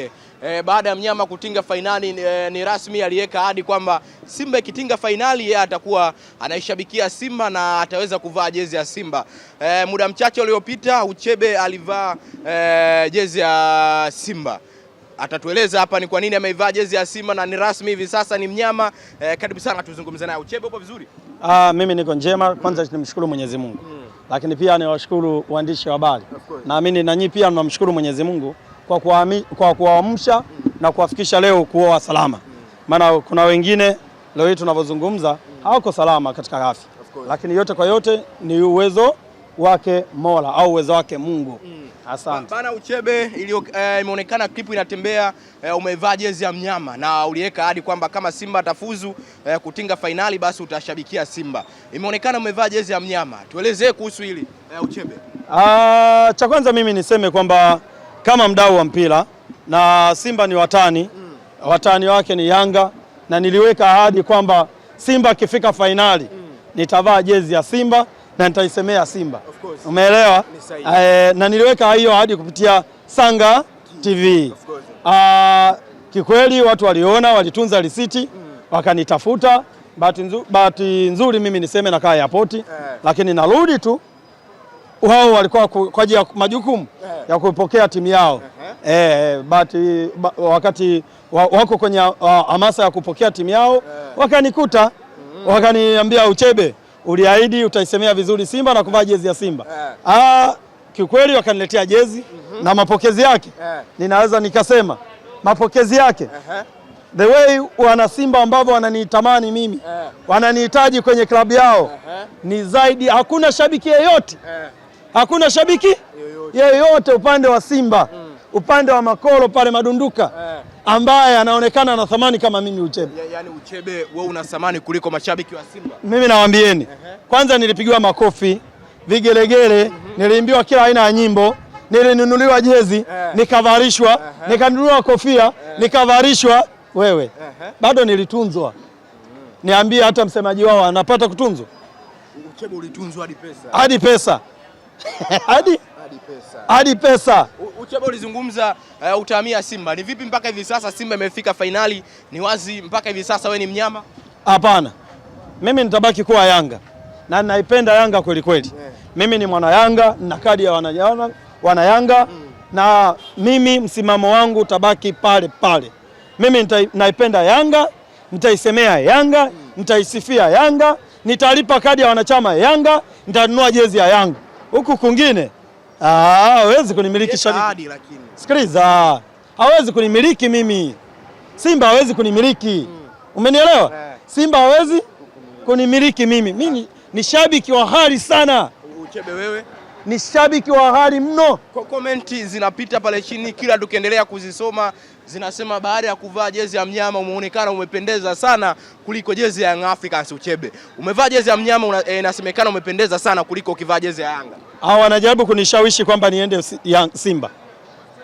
yake. E, baada ya mnyama kutinga fainali e, ni rasmi aliweka hadi kwamba Simba ikitinga fainali yeye atakuwa anaishabikia Simba na ataweza kuvaa jezi ya Simba. E, muda mchache uliopita Uchebe alivaa e, jezi ya Simba atatueleza hapa ni kwa nini ameivaa jezi ya Simba na ni rasmi hivi sasa ni mnyama e, Karibu sana tuzungumze naye. Uchebe, upo vizuri? Ah, mimi niko njema. Kwanza nimshukuru Mwenyezi Mungu mm. Lakini pia niwashukuru waandishi wa habari, naamini nyinyi pia mnamshukuru Mwenyezi Mungu kwa kuwaamsha kwa na kuwafikisha leo kuoa salama, maana kuna wengine leo hii tunavyozungumza hawako salama katika afya, lakini yote kwa yote ni uwezo wake Mola au uwezo wake Mungu. Mm. Asante bana Uchebe, eh, imeonekana eh, klipu inatembea eh, umevaa jezi ya mnyama na uliweka hadi kwamba kama Simba atafuzu eh, kutinga fainali basi utashabikia Simba. Imeonekana umevaa jezi ya mnyama, tuelezee kuhusu hili eh, Uchebe. Ah, cha kwanza mimi niseme kwamba kama mdau wa mpira na Simba ni watani, mm. watani wake ni Yanga, na niliweka ahadi kwamba Simba akifika fainali mm. nitavaa jezi ya Simba na nitaisemea Simba, umeelewa? E, na niliweka hiyo ahadi kupitia Sanga mm. TV. A, ah, kikweli watu waliona, walitunza risiti mm. wakanitafuta. Bahati nzuri, nzuri mimi niseme nakaa yapoti eh. lakini narudi tu wao walikuwa kwa ajili ya majukumu eh. ya kupokea timu yao uh -huh. e, but, wakati wako kwenye hamasa ya kupokea timu yao eh. wakanikuta mm-hmm. wakaniambia, Uchebe, uliahidi utaisemea vizuri Simba na kuvaa jezi ya Simba eh. ah, kiukweli wakaniletea jezi mm-hmm. na mapokezi yake ninaweza nikasema mapokezi yake uh -huh. The way wana Simba ambavyo wananitamani mimi wananihitaji kwenye klabu yao uh -huh. ni zaidi, hakuna shabiki yeyote hakuna shabiki yeyote upande wa Simba mm. upande wa Makolo pale Madunduka eh. ambaye anaonekana na thamani kama mimi Uchebe. Yaani Uchebe wewe una thamani kuliko mashabiki wa Simba. Mimi nawaambieni Kwanza nilipigiwa makofi, vigelegele mhm. niliimbiwa kila aina ya nyimbo nilinunuliwa jezi eh. nikavarishwa nikanunuliwa kofia eh. nikavarishwa wewe bado nilitunzwa niambie hata msemaji wao anapata kutunzwa? Uchebe ulitunzwa hadi pesa. Hadi pesa. hadi pesa, hadi pesa. Uchebe ulizungumza uh, utahamia Simba. Ni vipi mpaka hivi sasa Simba imefika fainali? Ni wazi mpaka hivi sasa wewe ni mnyama? Hapana, mimi nitabaki kuwa Yanga na ninaipenda Yanga kweli kweli, yeah. Mimi ni mwana Yanga na kadi ya wana, wana Yanga mm. Na mimi msimamo wangu utabaki pale pale. Mimi naipenda Yanga, nitaisemea Yanga, mm. nitaisifia Yanga, nitalipa kadi ya wanachama Yanga, nitanunua jezi ya Yanga huku kwingine ah, hawezi kunimiliki shabiki. Sikiliza, hawezi kunimiliki mimi, Simba hawezi kunimiliki hmm. Umenielewa Yeah. Simba hawezi kunimiliki mimi, mimi ni shabiki wa hali sana. Uchebe wewe ni shabiki wa hali mno. Komenti zinapita pale chini, kila tukiendelea kuzisoma zinasema baada ya kuvaa jezi ya mnyama umeonekana umependeza sana kuliko jezi ya Young Africans. Uchebe, umevaa jezi ya mnyama eh, inasemekana e, umependeza sana kuliko ukivaa jezi ya Yanga. Hao wanajaribu kunishawishi kwamba niende Simba,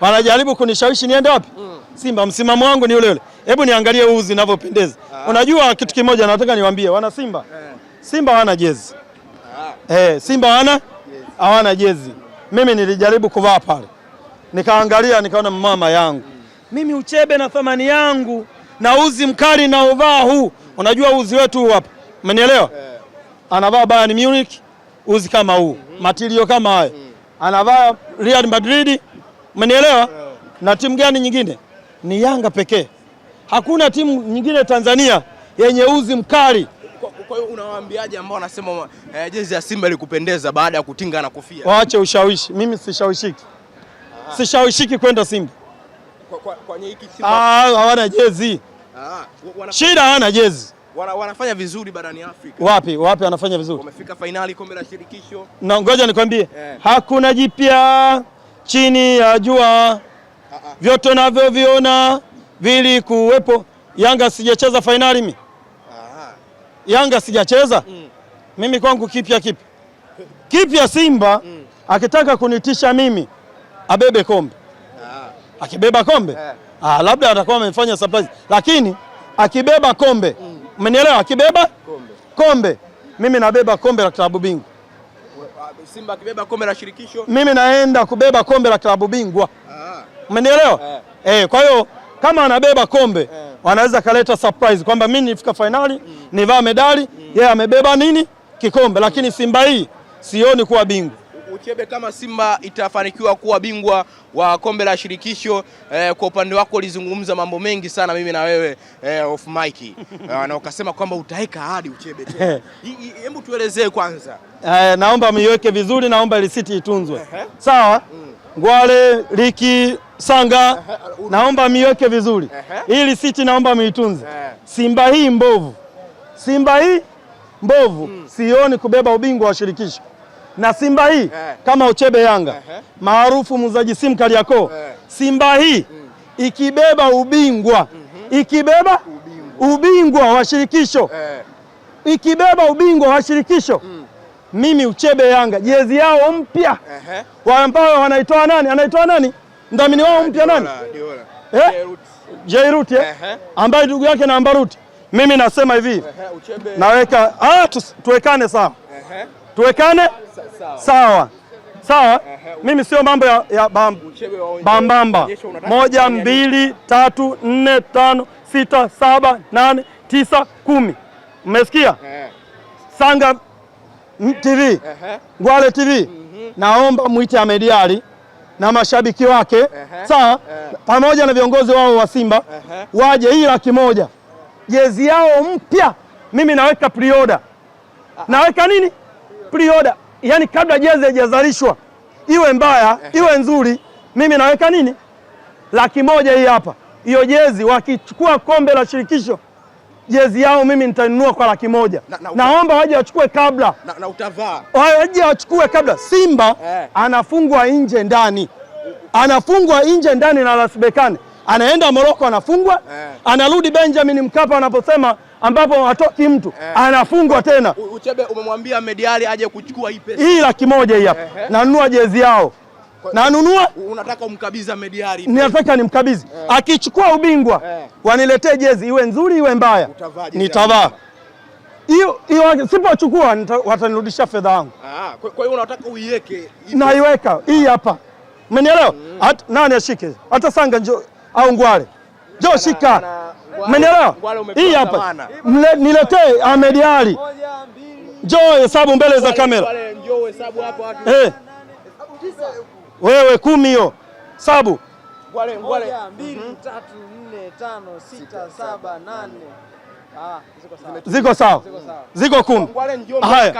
wanajaribu kunishawishi niende wapi? mm. Simba. Msimamo wangu ni ule ule, hebu niangalie huu zinavyopendeza. Ah. Unajua kitu kimoja nataka niwaambie wana Simba, eh. Simba hawana jezi ah. eh, Simba hawana hawana jezi. Mimi nilijaribu kuvaa pale, nikaangalia, nikaona mama yangu mimi uchebe na thamani yangu na uzi mkali na uvaa huu, unajua uzi wetu huu hapa, umenielewa? Eh. Anavaa Bayern Munich uzi kama huu, mhm. matilio kama haya, mhm. anavaa Real Madrid, umenielewa? Eh. Na timu gani nyingine? Ni Yanga pekee, hakuna timu nyingine Tanzania yenye uzi mkali. Kwa hiyo unawaambiaje ambao wanasema eh, jezi ya Simba ilikupendeza baada ya kutinga na kofia? Waache ushawishi, mimi sishawishiki, sishawishiki kwenda Simba. Ah, hawana jezi. Ah, shida hawana jezi. Wana, wanafanya vizuri barani Afrika. Wapi wapi wanafanya vizuri? Wamefika fainali kombe la shirikisho. Na ngoja nikwambie, yeah. Hakuna jipya chini ya jua. Ah, ah. Vyote vili vilikuwepo. Yanga sijacheza fainali Aha. Yanga sijacheza mm. Mimi kwangu kipya kipya kipya Simba mm. Akitaka kunitisha mimi abebe kombe akibeba kombe yeah. Ah, labda atakuwa amefanya surprise, lakini akibeba kombe umenielewa? Mm. Akibeba kombe, kombe mimi nabeba kombe la klabu bingwa Simba, akibeba kombe la shirikisho mimi naenda kubeba kombe la klabu bingwa ah. umenielewa? yeah. Eh, kwa hiyo kama anabeba kombe yeah. wanaweza kaleta surprise kwamba mimi nifika fainali mm. nivaa medali mm. yeye yeah, amebeba nini kikombe, lakini mm. Simba hii sioni kuwa bingwa. Chebe, kama Simba itafanikiwa kuwa bingwa wa kombe la shirikisho eh, kwa upande wako ulizungumza mambo mengi sana mimi na wewe eh, off mic eh, na ukasema kwamba utaweka ahadi uchebe tena. Hebu tuelezee kwanza. Eh, naomba miweke vizuri, naomba risiti itunzwe. Sawa? Mm. Ngwale, Liki, Sanga, naomba miweke vizuri. Hii risiti naomba miitunze. Eh. Simba hii mbovu. Simba hii mbovu. Mm. Sioni kubeba ubingwa wa shirikisho na Simba hii eh. kama Ochebe Yanga eh, eh. maarufu muuzaji simu Kariakoo Simba hii mm, ikibeba ubingwa mm -hmm, ikibeba ubingwa, wa shirikisho ikibeba ubingwa wa shirikisho mm, mimi Uchebe Yanga jezi yao mpya eh, ambao wanaitoa nani, anaitoa nani mdhamini wao ah, mpya nani, Jairut ambaye ndugu yake na Ambaruti. Mimi nasema hivi, naweka ah, tuwekane sawa tuwekane sawa sawa, Mimi sio mambo ya, ya bambamba moja mbili tatu nne tano sita saba nane tisa kumi. Mmesikia Sanga TV Ngwale TV, mhm. naomba mwite Ahmed Ally na mashabiki wake sawa, pamoja na viongozi wao wa Simba waje, hii laki moja jezi yao mpya, mimi naweka prioda ah, ah. naweka nini pre-order, yani kabla jezi haijazalishwa, iwe mbaya iwe nzuri, mimi naweka nini, laki moja hii hapa. Hiyo jezi wakichukua kombe la shirikisho jezi yao mimi nitanunua kwa laki moja na, na naomba waje wachukue kabla na, na utavaa waje wachukue kabla. Simba eh, anafungwa nje ndani, anafungwa nje ndani na Rasbekani, anaenda Moroko anafungwa eh, anarudi Benjamin Mkapa anaposema ambapo hatoki mtu eh, anafungwa tena. Uchebe umemwambia Mediali aje kuchukua hii pesa. Hii laki moja hii hapa eh, eh. nanunua jezi yao nanunua unataka umkabidhi Mediari, ninataka nimkabidhi eh. Akichukua ubingwa eh, waniletee jezi iwe nzuri iwe mbaya, nitavaa hiyo hiyo. Sipochukua watanirudisha fedha yangu. Ah, kwa hiyo unataka uiweke? Naiweka hii hapa, umenielewa? mm. Nani ashike hata Sanga njo au ngware njoo shika na, na, Mmenielewa? Hii hapa niletee Ahmed Ali. njoo hesabu mbele za kamera. Eh. Wewe kumi hiyo sabu ziko sawa, ziko kumi. Haya,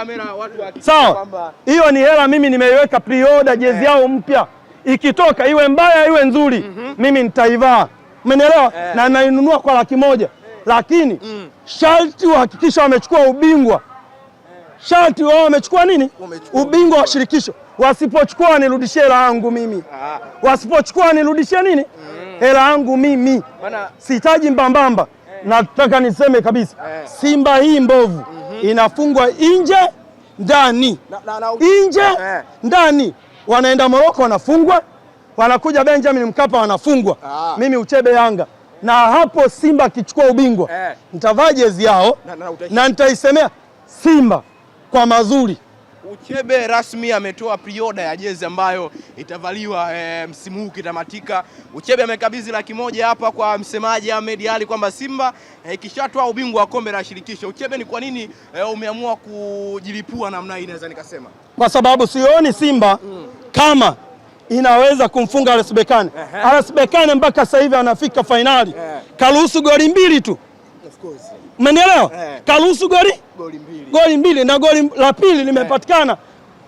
sawa. Hiyo ni hela, mimi nimeiweka pre-order jezi eh. yao mpya, ikitoka iwe mbaya iwe nzuri, mhm. mimi nitaivaa umenielewa eh? na nainunua kwa laki moja eh, lakini mm, sharti wahakikisha wamechukua ubingwa eh, sharti wao wamechukua nini, ubingwa wa shirikisho. Wasipochukua wanirudishie hela yangu mimi ah, wasipochukua wanirudishie nini mm. hela mm, yangu mimi Bana... sihitaji mbambamba eh. Nataka niseme kabisa eh, Simba hii mbovu mm -hmm, inafungwa nje ndani, nje eh. ndani, wanaenda Moroko wanafungwa wanakuja Benjamin Mkapa wanafungwa. Aa. Ah. Mimi uchebe Yanga na hapo Simba akichukua ubingwa eh, nitavaa jezi yao na, na, na nitaisemea Simba kwa mazuri. Uchebe rasmi ametoa prioda ya jezi ambayo itavaliwa e, msimu huu kitamatika. Uchebe amekabidhi laki moja hapa kwa msemaji Ahmed Ali kwamba Simba eh, ikishatoa e, ubingwa wa kombe la shirikisho. Uchebe, ni kwa nini e, umeamua kujilipua namna hii? Naweza nikasema kwa sababu sioni Simba mm. kama inaweza kumfunga RS Berkane. RS Berkane mpaka sasa hivi anafika fainali, karuhusu goli mbili tu, umenielewa? Karuhusu goli goli mbili na goli la pili limepatikana,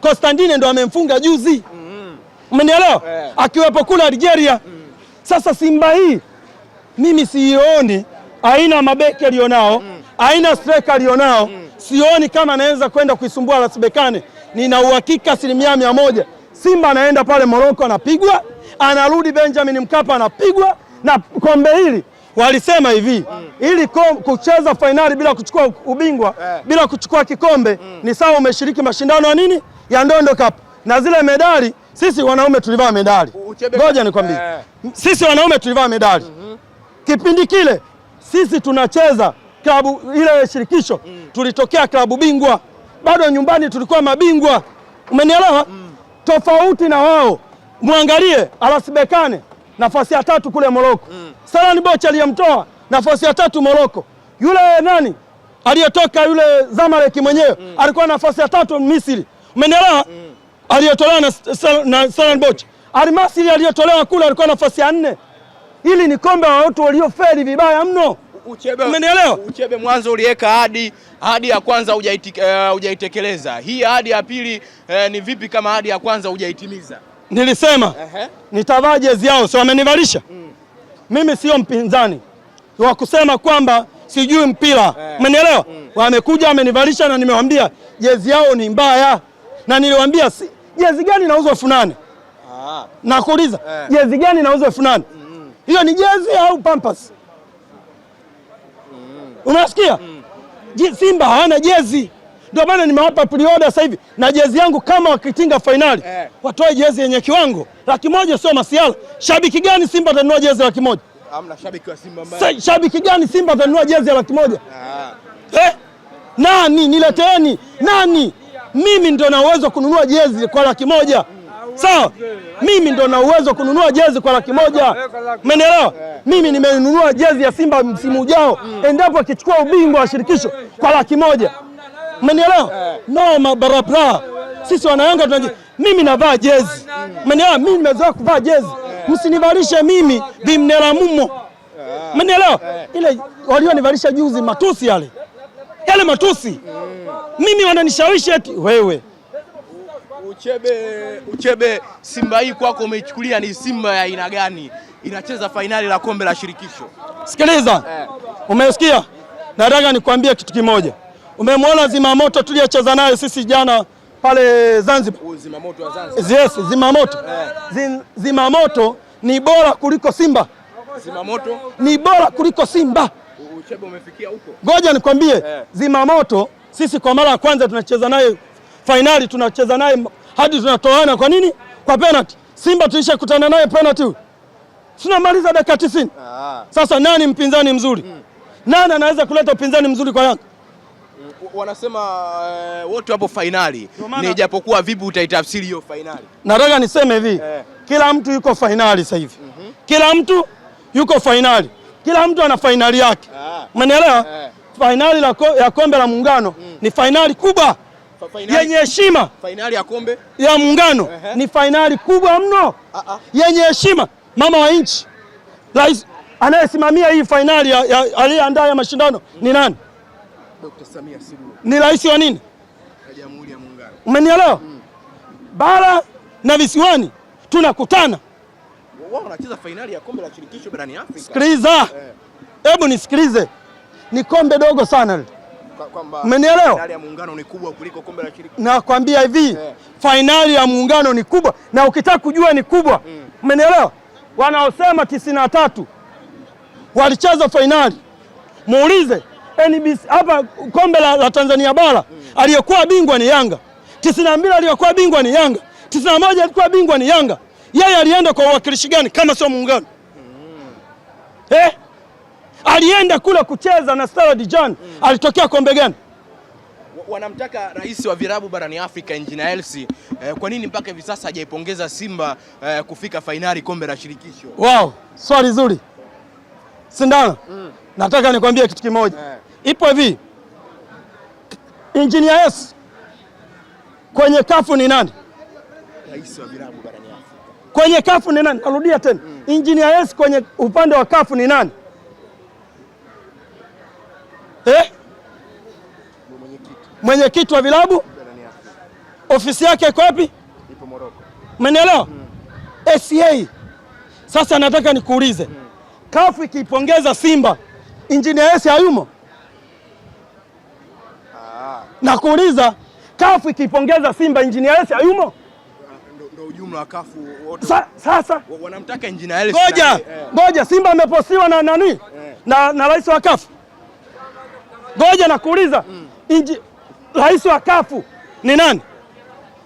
Constantine ndo amemfunga juzi, mhm. umenielewa? Akiwepo kule Algeria. Mhm. Sasa Simba hii mimi siioni aina mabeki alionao mhm. aina striker alionao, sioni kama anaweza kwenda kuisumbua RS Berkane. Nina uhakika asilimia mia moja Simba anaenda pale Moroko anapigwa, anarudi Benjamin Mkapa anapigwa. Na kombe hili walisema hivi ili kucheza fainali bila kuchukua ubingwa eh. bila kuchukua kikombe mm. ni sawa umeshiriki mashindano ya nini ya Ndondo Cup na zile medali. Sisi wanaume tulivaa medali, ngoja nikwambie, eh. sisi wanaume tulivaa medali mhm. kipindi kile sisi tunacheza klabu ile shirikisho, mm. tulitokea klabu bingwa, bado nyumbani tulikuwa mabingwa, umenielewa? Mm tofauti na wao. Mwangalie Alasbekane nafasi ya tatu kule Moroko mm. Salani Boch aliyemtoa nafasi ya tatu Moroko. Yule nani aliyetoka yule Zamalek mwenyewe mm. alikuwa nafasi ya tatu Misri, umeelewa mm. aliyetolewa na, na Salani Boch. Almasiri aliyetolewa kule alikuwa nafasi ya nne. Hili ni kombe wa watu waliofeli vibaya mno. Uchebe, umenielewa? Uchebe mwanzo uliweka ahadi, ahadi ya kwanza eh, hujaitekeleza. Uh, hii ahadi ya pili uh, ni vipi kama ahadi ya kwanza hujaitimiza? Nilisema uh -huh. Nitavaa jezi yao, si wamenivalisha mm. Mimi sio mpinzani wa kusema kwamba sijui mpira eh. umenielewa? mm. Wamekuja wamenivalisha na nimewambia jezi yao ni mbaya, na niliwambia si, jezi gani inauzwa elfu nane uh Nakuuliza yeah. jezi gani inauzwa elfu nane mm-hmm. hiyo? mm -hmm. ni jezi au pampas Unasikia? Mm. Simba hawana jezi, ndio maana nimewapa pre-order sasa hivi na jezi yangu. Kama wakitinga fainali eh, watoe jezi yenye kiwango laki moja, sio masiala. Shabiki gani Simba atanunua jezi laki moja? Hamna shabiki wa Simba mbaya. Shabiki gani Simba atanunua jezi ya laki moja? Ah. Eh? Nani nileteeni nani? Mimi ndio na uwezo kununua jezi kwa laki moja, mm. sawa? Mimi ndo na uwezo kununua jezi kwa laki moja, umenielewa? Eh. Mimi nimenunua jezi ya Simba msimu ujao mm. endapo akichukua ubingwa wa shirikisho kwa laki moja, umenielewa? Eh. Noma barabara. Sisi wanayanga tunajua, mimi navaa jezi, umenielewa? Mimi nimezoea kuvaa jezi, eh. msinivalishe mimi vimnela mumo, umenielewa? Ile walionivalisha juzi, matusi yale yale, matusi mm. mimi wananishawishi eti wewe Uchebe, Uchebe, Simba hii kwako umeichukulia ni Simba ya aina gani? Inacheza fainali la kombe la shirikisho. Sikiliza eh. Umesikia, nataka nikwambie kitu kimoja. Umemwona zimamoto tuliyecheza naye sisi jana pale Zanzibar, zimamoto wa Zanzibar. Yes, zimamoto eh. Zimamoto ni bora kuliko Simba, zimamoto ni bora kuliko Simba. Uchebe umefikia huko, ngoja nikwambie eh. Zimamoto sisi kwa mara ya kwanza tunacheza naye fainali tunacheza naye hadi zinatoana. Kwa nini? Kwa penalty. Simba tulishakutana naye penalty huyu, tunamaliza dakika 90. Ah. Sasa nani mpinzani mzuri? Hmm. Nani anaweza kuleta upinzani mzuri kwa Yanga? Hmm, wanasema uh, wote wapo fainali, ni japokuwa vipi utaitafsiri hiyo fainali. Nataka niseme hivi eh, kila mtu yuko fainali sasa hivi mm -hmm. Kila mtu yuko fainali, kila mtu ana fainali yake, umenielewa? Ah. Eh. Fainali ya kombe la muungano mm. ni fainali kubwa yenye heshima fainali ya kombe ya Muungano. uh -huh. Ni fainali kubwa mno uh -uh. yenye heshima. Mama wa nchi, rais anayesimamia hii fainali aliyeandaa ya, ya mashindano -hmm. ni nani? Dr. Samia Suluhu ni rais wa nini ya Jamhuri ya Muungano, umenielewa? hmm. bara na visiwani tunakutana, wao wanacheza fainali ya kombe la shirikisho barani Afrika. Sikiliza, eh. hebu eh. nisikilize, ni kombe dogo sana Umenielewa? Nakwambia hivi yeah. Fainali ya muungano ni kubwa na ukitaka kujua ni kubwa mm. umenielewa? Mm. Wanaosema tisini na tatu walicheza fainali, muulize NBC hapa kombe la, la Tanzania bara mm. Aliyekuwa bingwa ni Yanga tisini na mbili aliyekuwa bingwa ni Yanga tisini na moja alikuwa bingwa ni Yanga. Yeye alienda kwa uwakilishi gani kama sio muungano? mm. eh? alienda kule kucheza na Stellad John mm. alitokea kombe gani? Wanamtaka rais wa virabu barani Afrika Injinia Elsi eh, kwa nini mpaka hivi sasa hajaipongeza Simba eh, kufika fainali kombe la shirikisho? Wow, swali zuri sindano mm. nataka nikwambie kitu kimoja yeah. ipo hivi Injinia s kwenye kafu ni nani? Rais wa virabu barani Afrika. Kwenye kafu ni nani? Narudia tena mm. Injinia Hersi kwenye upande wa kafu ni nani? mwenyekiti wa vilabu ofisi yake iko wapi? Ipo Moroko. Umenielewa? Hmm. ACA sasa nataka nikuulize, hmm. Kafu ikiipongeza Simba injinia Hersi hayumo? Ah. Nakuuliza, Kafu ikiipongeza Simba injinia Hersi hayumo? Sa, sasa wanamtaka Ngoja, eh. ngoja, Simba ameposiwa na nani? Eh. Na rais wa Kafu. Ngoja nakuuliza, mm rais wa kafu ni nani?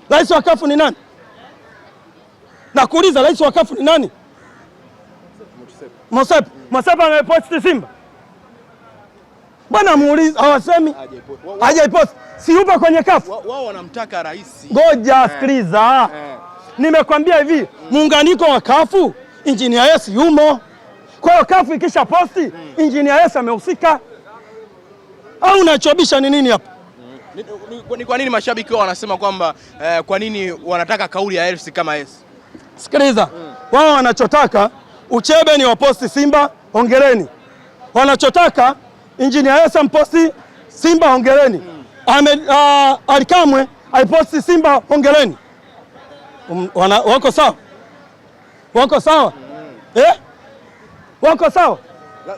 Rais wa kafu ni nani? Nakuuliza, rais wa kafu ni nani? Mosep Mosepa ameposti Simba bwana, muulize, hawasemi hajaiposti. Si yupo kwenye kafu, wao wanamtaka rais. Ngoja eh. sikiliza, eh. nimekwambia hivi, muunganiko wa kafu Injinia Yesi yumo. Kwa hiyo kafu ikisha posti, hmm. Injinia Yesi amehusika, au unachobisha ni nini hapa? Ni, ni, ni kwa nini mashabiki wao wanasema kwamba eh, kwa nini wanataka kauli ya Hersi kama s Sikiliza mm. Wao wanachotaka Uchebe ni waposti Simba, hongereni. Wanachotaka injinia Hersi amposti Simba, hongereni. mm. uh, Alikamwe aiposti Simba, hongereni. Um, wana, wako sawa, wako sawa mm. eh? wako sawa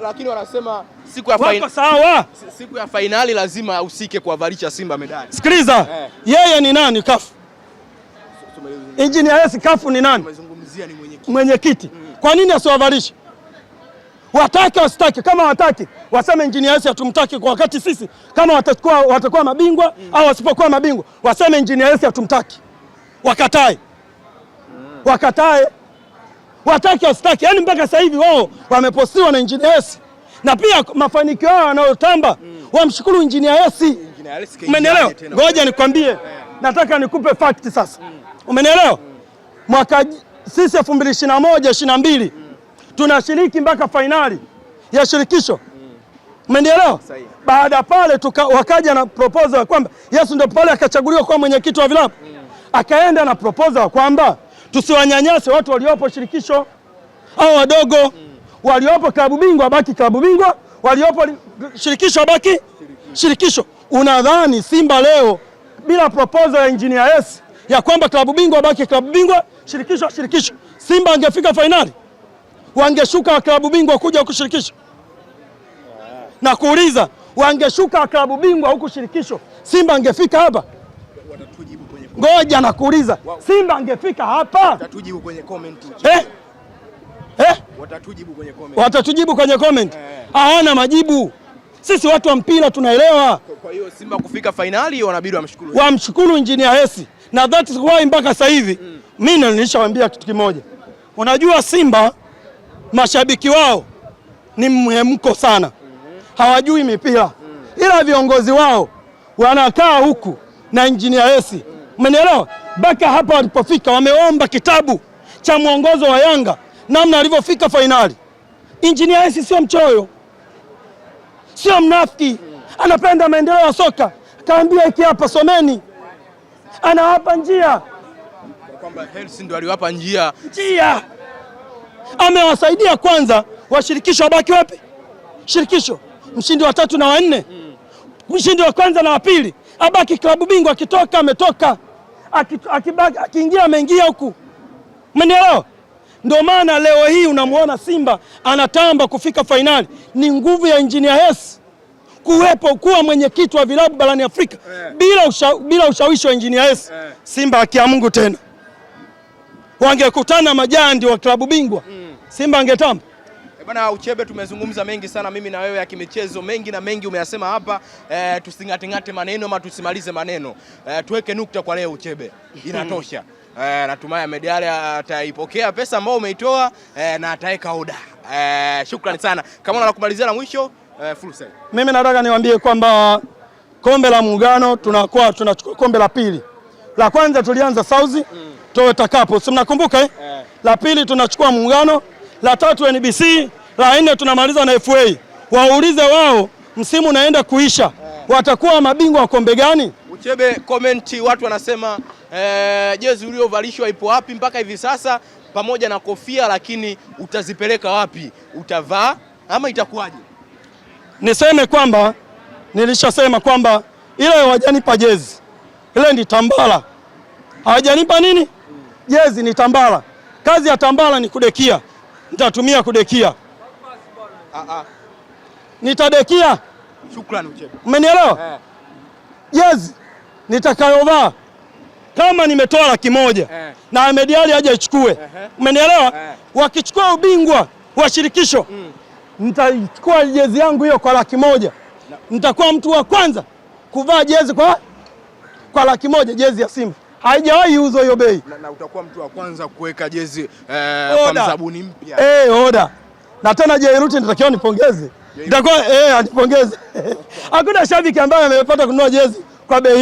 lakini wanasema siku ya fainali sawa, siku ya fainali lazima ahusike kuwavalisha Simba medali. Sikiliza eh, yeye ni nani? Kafu Engineer S Kafu ni nani? Mwenyekiti. Mm. Kwa nini asiwavalishe? Watake wasitake, kama wataki waseme Engineer S hatumtaki kwa wakati sisi, kama watakuwa watakuwa mabingwa mm, au wasipokuwa mabingwa waseme Engineer S hatumtaki, wakatae mm, wakatae wataki wasitaki, yani mpaka sasa hivi wao wamepostiwa na Injinia S na pia mafanikio yao wanayotamba mm. Wamshukuru Injinia S, umenielewa? Ngoja nikwambie yeah. Hmm. Nataka nikupe fact sasa mm. Umenielewa mm. Mwaka sisi elfu mbili ishirini na moja ishirini na mbili mm. tunashiriki mpaka fainali ya shirikisho hmm. umenielewa mm. Baada pale tuka, wakaja na proposal ya kwamba Yesu ndio pale akachaguliwa kuwa mwenyekiti wa vilabu mm. Akaenda na proposal ya kwamba tusiwanyanyase watu waliopo shirikisho au wadogo mm. waliopo klabu bingwa baki klabu bingwa, waliopo shirikisho baki shirikisho, shirikisho. Unadhani Simba leo bila proposal ya engineer S ya kwamba klabu bingwa baki klabu bingwa, shirikisho shirikisho, Simba angefika fainali? Wangeshuka klabu bingwa kuja huku shirikisho? Na kuuliza, wangeshuka klabu bingwa huku shirikisho, Simba angefika hapa? Ngoja nakuuliza, Simba angefika hapa? Watatujibu kwenye comment. Eh? Eh? Watatujibu kwenye comment. Watatujibu kwenye comment. Eh. eh. Hawana majibu. Sisi watu wa mpira tunaelewa. Kwa hiyo Simba kufika fainali wanabidi wamshukuru. Wamshukuru Injinia Hesi, Na that is why mpaka sasa hivi mm. nilishawaambia kitu kimoja. Unajua Simba mashabiki wao ni mhemko sana. Mm -hmm. Hawajui mipira. Mm. Ila viongozi wao wanakaa huku na Injinia mm. Umenielewa? Mpaka hapa walipofika, wameomba kitabu cha mwongozo wa Yanga namna alivyofika fainali. Injinia Hersi sio mchoyo, sio mnafiki, anapenda maendeleo ya soka. Kaambia iki hapa, someni, anawapa njia kwamba Hersi ndio aliwapa njia, njia amewasaidia kwanza. Washirikisho wabaki wapi? Shirikisho mshindi wa tatu na wa nne, hmm. mshindi wa kwanza na wa pili abaki klabu bingwa, akitoka ametoka, akiingia ameingia huku, umenielewa? Ndio maana leo hii unamwona Simba anatamba kufika fainali, ni nguvu ya Injinia Hersi kuwepo kuwa mwenyekiti wa vilabu barani Afrika eh. Bila, usha, bila ushawishi wa Injinia Hersi eh. Simba akia Mungu tena wangekutana majandi wa klabu bingwa mm. Simba angetamba Eh, Bwana Uchebe, tumezungumza mengi sana mimi na wewe ya kimichezo, mengi na mengi umeyasema hapa e, tusingatingate maneno ama tusimalize maneno e, tuweke nukta kwa leo Uchebe, inatosha e, natumai Mediale ataipokea pesa ambayo umeitoa e, na ataweka oda e, shukrani sana kama la kumalizia la mwisho e, fursa. Mimi nataka niwaambie kwamba kombe la muungano tunakuwa tunachukua kombe la pili, la kwanza tulianza South mm. Toyota Cup, si mnakumbuka eh? Eh. La pili tunachukua muungano la tatu NBC, la nne tunamaliza na FA. Waulize wao msimu unaenda kuisha watakuwa mabingwa wa kombe gani? Uchebe, komenti watu wanasema eh, jezi uliovalishwa ipo wapi mpaka hivi sasa pamoja na kofia, lakini utazipeleka wapi? Utavaa ama itakuwaje? Niseme kwamba nilishasema kwamba ile hawajanipa jezi ile ni tambala, hawajanipa nini jezi, ni tambala. Kazi ya tambala ni kudekia nitatumia kudekia. Ah, ah. Nitadekia. Shukrani Uchebe. Umenielewa? Jezi eh. nitakayovaa kama nimetoa laki moja eh, na Ahmed Ally aje ichukue, umenielewa eh? Wakichukua ubingwa wa shirikisho mm, nitachukua jezi yangu hiyo kwa laki moja no. Nitakuwa mtu wa kwanza kuvaa jezi kwa, kwa laki moja jezi ya Simba haijawahi uzwa hiyo bei, na utakuwa mtu wa kwanza kuweka jezi eh, kwa mzabuni mpya eh, oda. Na tena Jairuti nitakiwa nipongeze, nitakuwa eh, anipongeze. Hakuna shabiki ambaye amepata kununua jezi kwa bei